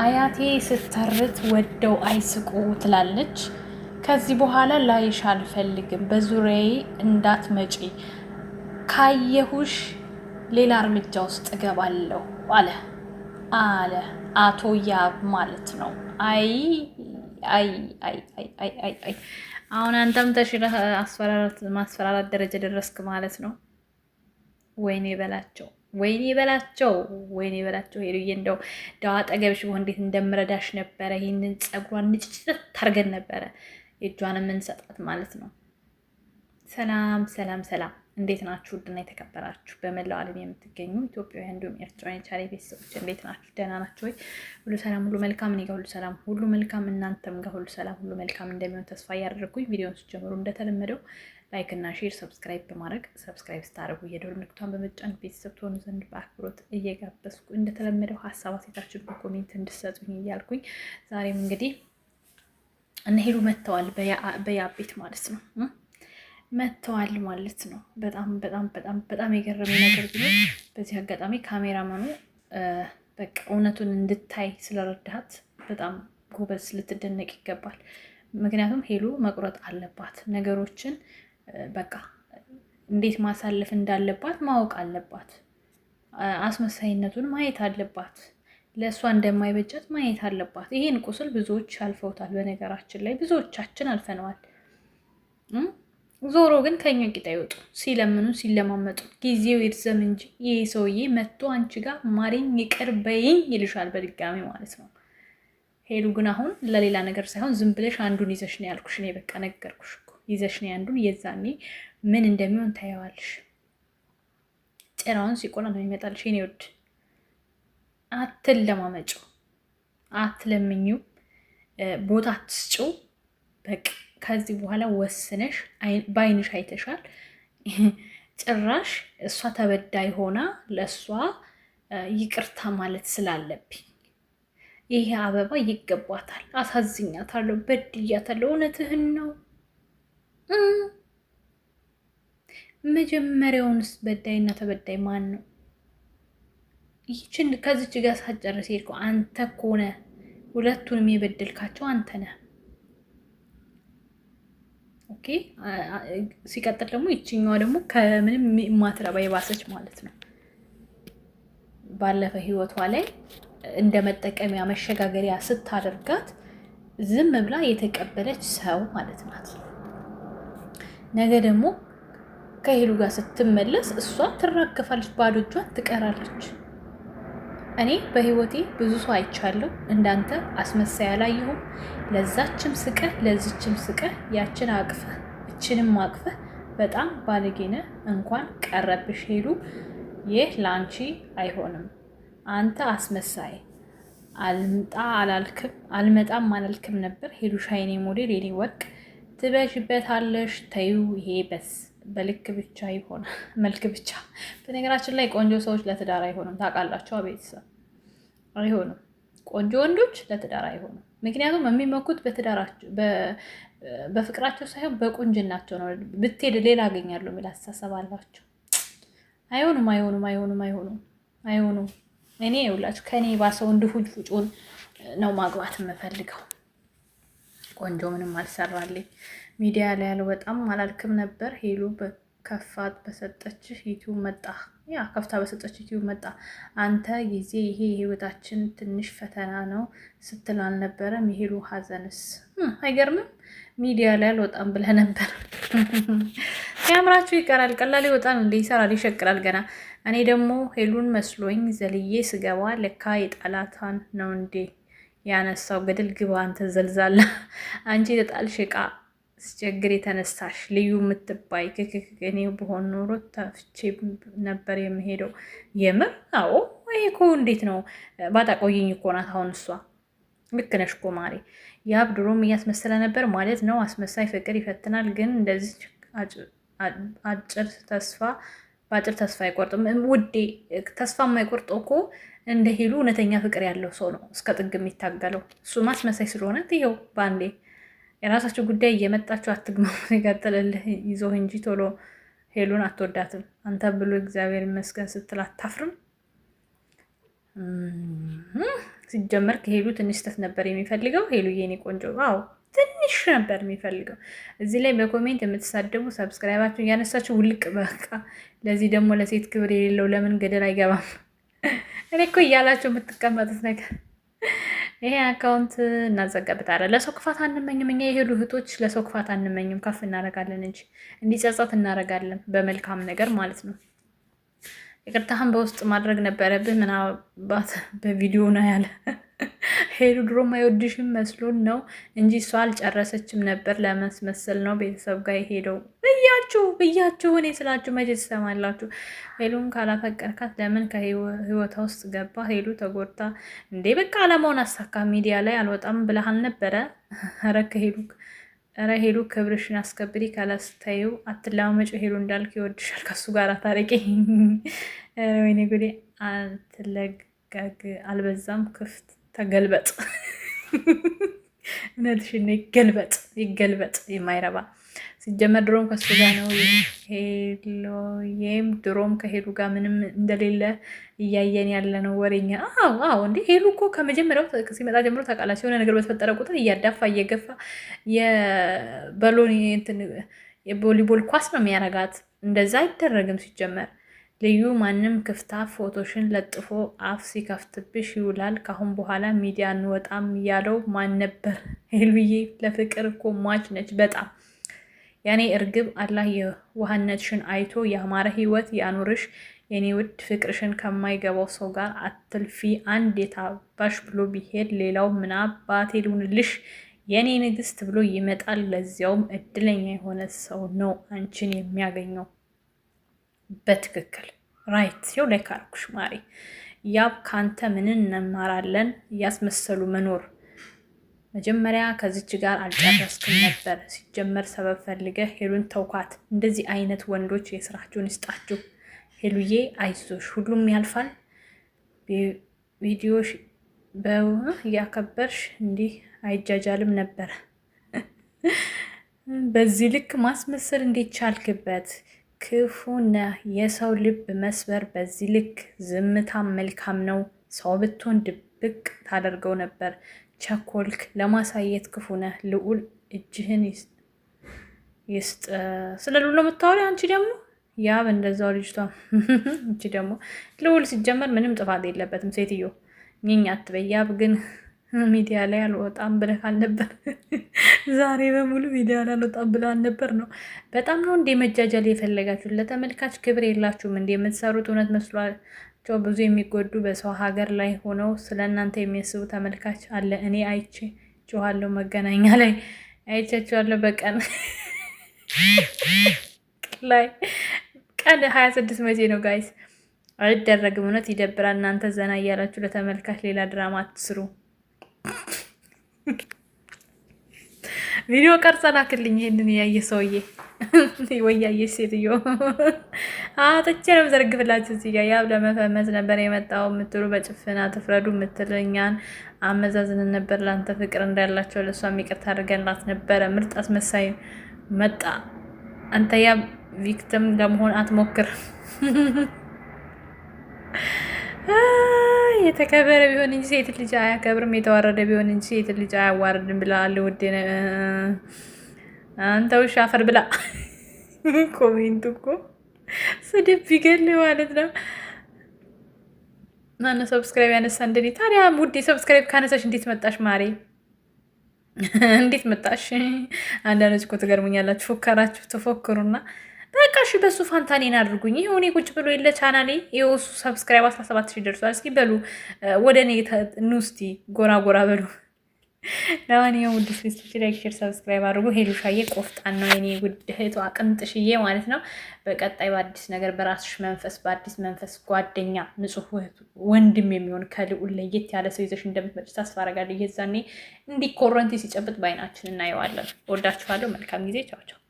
አያቴ ስተርት ወደው አይስቁ ትላለች። ከዚህ በኋላ ላይሽ አልፈልግም፣ በዙሪያዬ እንዳትመጪ፣ ካየሁሽ ሌላ እርምጃ ውስጥ እገባለሁ አለ አለ አቶ ያብ ማለት ነው። አይ አይ አይ አይ አሁን አንተም ተሽለህ ማስፈራራት ደረጃ ደረስክ ማለት ነው። ወይኔ በላቸው። ወይኔ በላቸው ወይኔ በላቸው ሄዱዬ፣ እንደው ዳዋ አጠገብሽ ብሆን እንዴት እንደምረዳሽ ነበረ። ይህንን ጸጉሯን ንጭጭት ታርገን ነበረ የእጇን የምንሰጣት ማለት ነው። ሰላም ሰላም ሰላም፣ እንዴት ናችሁ? ውድና የተከበራችሁ በመላው ዓለም የምትገኙ ኢትዮጵያ እንዲሁም ኤርትራውያን ቻሌ ቤተሰቦች እንዴት ናችሁ? ደህና ናችሁ ወይ? ሁሉ ሰላም ሁሉ መልካም፣ እኔ ጋር ሁሉ ሰላም ሁሉ መልካም፣ እናንተም ጋር ሁሉ ሰላም ሁሉ መልካም እንደሚሆን ተስፋ እያደረግኩኝ ቪዲዮን ስጀምሩ እንደተለመደው ላይክ እና ሼር ሰብስክራይብ በማድረግ ሰብስክራይብ ስታደርጉ የደወል ምልክቷን በመጫን ቤተሰብ ትሆኑ ዘንድ በአክብሮት እየጋበዝኩ እንደተለመደው ሀሳብ አሴታችን በኮሜንት እንድሰጡኝ እያልኩኝ ዛሬም እንግዲህ እነ ሄሉ መጥተዋል። በያ ቤት ማለት ነው መጥተዋል ማለት ነው። በጣም በጣም በጣም በጣም የገረመኝ ነገር ቢሆን በዚህ አጋጣሚ ካሜራማኑ በቃ እውነቱን እንድታይ ስለረዳት በጣም ጎበዝ ልትደነቅ ይገባል። ምክንያቱም ሄሉ መቁረጥ አለባት ነገሮችን በቃ እንዴት ማሳለፍ እንዳለባት ማወቅ አለባት። አስመሳይነቱን ማየት አለባት። ለእሷ እንደማይበጃት ማየት አለባት። ይሄን ቁስል ብዙዎች አልፈውታል። በነገራችን ላይ ብዙዎቻችን አልፈነዋል። ዞሮ ግን ከኛ ቂጣ ይወጡ ሲለምኑ ሲለማመጡ ጊዜው ይርዘም እንጂ ይህ ሰውዬ መጥቶ አንቺ ጋር ማሪኝ ይቅር በይኝ ይልሻል፣ በድጋሚ ማለት ነው። ሄሉ ግን አሁን ለሌላ ነገር ሳይሆን ዝም ብለሽ አንዱን ይዘሽ ነው ያልኩሽ እኔ። በቃ ነገርኩሽ። ይዘሽ ነው ያንዱን። የዛኔ ምን እንደሚሆን ታየዋለሽ። ጭራውን ሲቆላ ነው የሚመጣልሽ። የኔ ውድ አትለማመጪው፣ አትለምኚው፣ ቦታ አትስጪው። በቃ ከዚህ በኋላ ወስነሽ በአይንሽ አይተሻል። ጭራሽ እሷ ተበዳይ ሆና ለእሷ ይቅርታ ማለት ስላለብኝ ይሄ አበባ ይገባታል፣ አሳዝኛታለሁ፣ በድያታለሁ። እውነትህን ነው መጀመሪያውንስ በዳይና ተበዳይ ማን ነው? ይህችን ከዚች ጋር ሳትጨርስ ሄድኩ። አንተ ከሆነ ሁለቱንም የበደልካቸው አንተ ነህ። ኦኬ። ሲቀጥል ደግሞ ይችኛዋ ደግሞ ከምንም የማትረባ የባሰች ማለት ነው። ባለፈ ህይወቷ ላይ እንደ መጠቀሚያ መሸጋገሪያ ስታደርጋት ዝም ብላ የተቀበለች ሰው ማለት ናት። ነገ ደግሞ ከሄሉ ጋር ስትመለስ እሷ ትራከፋለች፣ ባዶ እጇን ትቀራለች። እኔ በህይወቴ ብዙ ሰው አይቻለሁ፣ እንዳንተ አስመሳይ አላየሁም። ለዛችም ስቀህ ለዚችም ስቀህ ያችን አቅፈህ እችንም አቅፈህ በጣም ባለጌነ። እንኳን ቀረብሽ ሄሉ፣ ይህ ለአንቺ አይሆንም። አንተ አስመሳይ አልምጣ አላልክም አልመጣም አላልክም ነበር ሄሉ ሻይኔ ሞዴል የኔ ወርቅ ትበዥበታለሽ። ተዩ ይሄ በስ በልክ ብቻ ይሆናል መልክ ብቻ። በነገራችን ላይ ቆንጆ ሰዎች ለትዳር አይሆኑም ታውቃላችሁ። ቤተሰብ አይሆኑም። ቆንጆ ወንዶች ለትዳር አይሆኑም። ምክንያቱም የሚመኩት በፍቅራቸው ሳይሆን በቁንጅናቸው ነው። ብትሄድ ሌላ አገኛለሁ የሚል አስተሳሰብ አላቸው። አይሆኑም፣ አይሆኑም፣ አይሆኑም፣ አይሆኑም፣ አይሆኑም። እኔ ይውላችሁ ከእኔ ባሰው እንድፉጭ ፉጩን ነው ማግባት የምፈልገው። ቆንጆ ምንም አልሰራልኝ። ሚዲያ ላይ አልወጣም አላልክም ነበር ሄሉ ከፋት በሰጠችህ ዩቲዩብ መጣ። ያ ከፍታ በሰጠች ዩቲዩብ መጣ። አንተ ጊዜ ይሄ የህይወታችን ትንሽ ፈተና ነው ስትል አልነበረም? የሄሉ ሀዘንስ አይገርምም? ሚዲያ ላይ አልወጣም ብለህ ነበር። ሲያምራችሁ ይቀራል። ቀላል ይወጣል እንደ ይሰራል፣ ይሸቅላል ገና። እኔ ደግሞ ሄሉን መስሎኝ ዘልዬ ስገባ ለካ የጠላቷን ነው እንዴ ያነሳው ገደል ግባ አንተ ዘልዛላ፣ አንቺ የተጣልሽ ዕቃ ስቸግር የተነሳሽ ልዩ የምትባይ ክክክ። እኔ በሆን ኖሮ ተፍቼ ነበር የምሄደው። የምር አዎ፣ ይሄ እኮ እንዴት ነው? ባጣቆይኝ እኮ ናት አሁን እሷ። ልክ ነሽ እኮ ማሬ። ያብ ድሮም እያስመሰለ ነበር ማለት ነው። አስመሳይ ፍቅር ይፈትናል፣ ግን እንደዚህ አጭር ተስፋ በአጭር ተስፋ አይቆርጥም ውዴ። ተስፋ የማይቆርጠው እኮ እንደ ሄሉ እውነተኛ ፍቅር ያለው ሰው ነው እስከ ጥግ የሚታገለው። እሱ ማስመሳይ ስለሆነ ትየው በአንዴ የራሳቸው ጉዳይ እየመጣችሁ አትግመው ይቀጥልልህ ይዞ እንጂ ቶሎ ሄሉን አትወዳትም። አንተ ብሎ እግዚአብሔር ይመስገን ስትል አታፍርም። ሲጀመር ከሄሉ ትንሽ ስተት ነበር የሚፈልገው። ሄሉ የኔ ቆንጆ፣ አዎ ትንሽ ነበር የሚፈልገው። እዚህ ላይ በኮሜንት የምትሳደቡ ሰብስክራይባችሁ እያነሳችሁ ውልቅ በቃ። ለዚህ ደግሞ ለሴት ክብር የሌለው ለምን ገደል አይገባም? እኔ እኮ እያላችሁ የምትቀመጡት ነገር ይሄ አካውንት እናዘገብታለን። ለሰው ክፋት አንመኝም። እኛ የሄዱ እህቶች ለሰው ክፋት አንመኝም። ከፍ እናደርጋለን እንጂ እንዲጸጸት እናደርጋለን፣ በመልካም ነገር ማለት ነው። ይቅርታህን በውስጥ ማድረግ ነበረብህ። ምናባት በቪዲዮ ነው ያለ ሄዱ ድሮ ማይወድሽም መስሎን ነው እንጂ እሷ አልጨረሰችም ነበር ለመስመሰል ነው ቤተሰብ ጋር የሄደው። ብያችሁ ብያችሁ እኔ ስላችሁ መቼ ትሰማላችሁ? ሄሉን ካላፈቀርካት ለምን ከህይወታ ውስጥ ገባ? ሄሉ ተጎድታ እንዴ በቃ አላማውን አሳካ ሚዲያ ላይ አልወጣም ብለሃል ነበረ። ኧረ ከሄሉ ኧረ ሄሉ ክብርሽን አስከብሪ። ካላስታዩ አትለማመጪ። ሄሉ እንዳልክ ይወድሻል። ከሱ ጋር ታረቂ። ወይኔ ጉዴ! አትለጋግ አልበዛም ክፍት ተገልበጥ። እውነትሽን ነው። ይገልበጥ ይገልበጥ። የማይረባ ሲጀመር ድሮም ከሱ ጋር ነው። ሄሎዬም ድሮም ከሄሉ ጋር ምንም እንደሌለ እያየን ያለ ነው ወሬኛ። አዎ አዎ፣ ሄሉ እኮ ከመጀመሪያው ሲመጣ ጀምሮ ታውቃላችሁ፣ የሆነ ነገር በተፈጠረ ቁጥር እያዳፋ እየገፋ የበሎኒ የቮሊቦል ኳስ ነው የሚያረጋት። እንደዛ አይደረግም ሲጀመር ልዩ ማንም ክፍታ ፎቶሽን ለጥፎ አፍ ሲከፍትብሽ ይውላል። ካሁን በኋላ ሚዲያ እንወጣም ያለው ማን ነበር? ሄሉዬ ለፍቅር እኮ ሟች ነች በጣም ያኔ እርግብ አላህ የዋህነትሽን አይቶ ያማረ ህይወት ያኑርሽ የኔ ውድ። ፍቅርሽን ከማይገባው ሰው ጋር አትልፊ። አንድ የታባሽ ብሎ ቢሄድ ሌላው ምናባቴ ልሁንልሽ የኔ ንግስት ብሎ ይመጣል። ለዚያውም እድለኛ የሆነ ሰው ነው አንቺን የሚያገኘው። በትክክል ራይት ሲው ላይ ካርኩሽ ማሪ ያብ ካንተ ምንን እንማራለን? እያስመሰሉ መኖር መጀመሪያ ከዚች ጋር አልጨረስክም ነበር። ሲጀመር ሰበብ ፈልገ ሄሉን ተውኳት። እንደዚህ አይነት ወንዶች የስራችሁን ይስጣችሁ። ሄሉዬ አይዞሽ፣ ሁሉም ያልፋል። ቪዲዮሽ እያከበርሽ እንዲህ አይጃጃልም ነበረ። በዚህ ልክ ማስመሰል እንዴት ቻልክበት? ክፉ ነህ። የሰው ልብ መስበር በዚህ ልክ። ዝምታ መልካም ነው። ሰው ብትሆን ድብቅ ታደርገው ነበር። ቸኮልክ ለማሳየት ክፉ ነህ። ልዑል እጅህን ይስጥ። ስለ ልዑል ነው አንቺ ደግሞ ያ እንደዛው ልጅቷ እቺ ደግሞ ልውል ሲጀመር ምንም ጥፋት የለበትም። ሴትዮ ሚኝ አትበይ። ያብ ግን ሚዲያ ላይ አልወጣም ብለህ አልነበር? ዛሬ በሙሉ ቪዲዮ አላልወጣም ብላ ነበር ነው። በጣም ነው እንዴ መጃጃል የፈለጋችሁ ለተመልካች ክብር የላችሁም። የምትሰሩት? እውነት መስሏቸው ብዙ የሚጎዱ በሰው ሀገር ላይ ሆነው ስለ እናንተ የሚያስቡ ተመልካች አለ። እኔ አይቼ መገናኛ ላይ አይቻችኋለሁ። በቀን ላይ ቀን ሀያ ስድስት መቼ ነው ጋይስ? አይደረግም። እውነት ይደብራል። እናንተ ዘና እያላችሁ ለተመልካች ሌላ ድራማ አትስሩ። ቪዲዮ ቀርጸን አክልኝ። ይሄንን ያየ ሰውዬ ወይ ያየ ሴትዮ አጥቼ ነው ዘርግፍላችሁ። እዚህ ጋር ያብ ለመፈመስ ነበር የመጣው የምትሉ በጭፍን አትፍረዱ የምትል እኛን አመዛዝንን ነበር። ለአንተ ፍቅር እንዳላቸው ለሷ ይቅርታ አድርገንላት ነበረ። ምርጥ አስመሳይ መጣ። አንተ ያ ቪክቲም ለመሆን አትሞክር። የተከበረ ቢሆን እንጂ ሴት ልጅ አያከብርም፣ የተዋረደ ቢሆን እንጂ ሴት ልጅ አያዋርድም ብለዋል። ውድ አንተ ውሻ አፈር ብላ። ኮሜንቱ እኮ ስድብ ቢገል ማለት ነው። ማነው ሰብስክራይብ ያነሳ? እንደ ታዲያ ውድ ሰብስክራይብ ካነሳሽ እንዴት መጣሽ ማሬ? እንዴት መጣሽ? አንዳንዶች እኮ ትገርሙኛላችሁ። ፎከራችሁ ትፎክሩና በቃ እሺ፣ በሱ ፋንታ እኔን አድርጉኝ። ይኸው እኔ ቁጭ ብሎ የለ ቻናሌ ይኸው ሰብስክራይብ 17 ሰባት ሺህ ደርሷል። እስኪ በሉ ወደ እኔ ኑ እስኪ ጎራ ጎራ በሉ። ለማንኛውም ውድ ስክስቶች ላይክ፣ ሼር፣ ሰብስክራይብ አድርጉ። ሄሉሻዬ ቆፍጣን ነው የኔ ውድ እህቷ ቅምጥሽዬ ማለት ነው። በቀጣይ በአዲስ ነገር በራስሽ መንፈስ በአዲስ መንፈስ ጓደኛ ንጹሕ ወንድም የሚሆን ከልዑል ለየት ያለ ሰው ይዘሽ እንደምትመጭ ተስፋ አደርጋለሁ። የዛኔ እንዲህ ኮረንቲ ሲጨብጥ በአይናችን እናየዋለን። ወዳችኋለሁ። መልካም ጊዜ። ቻው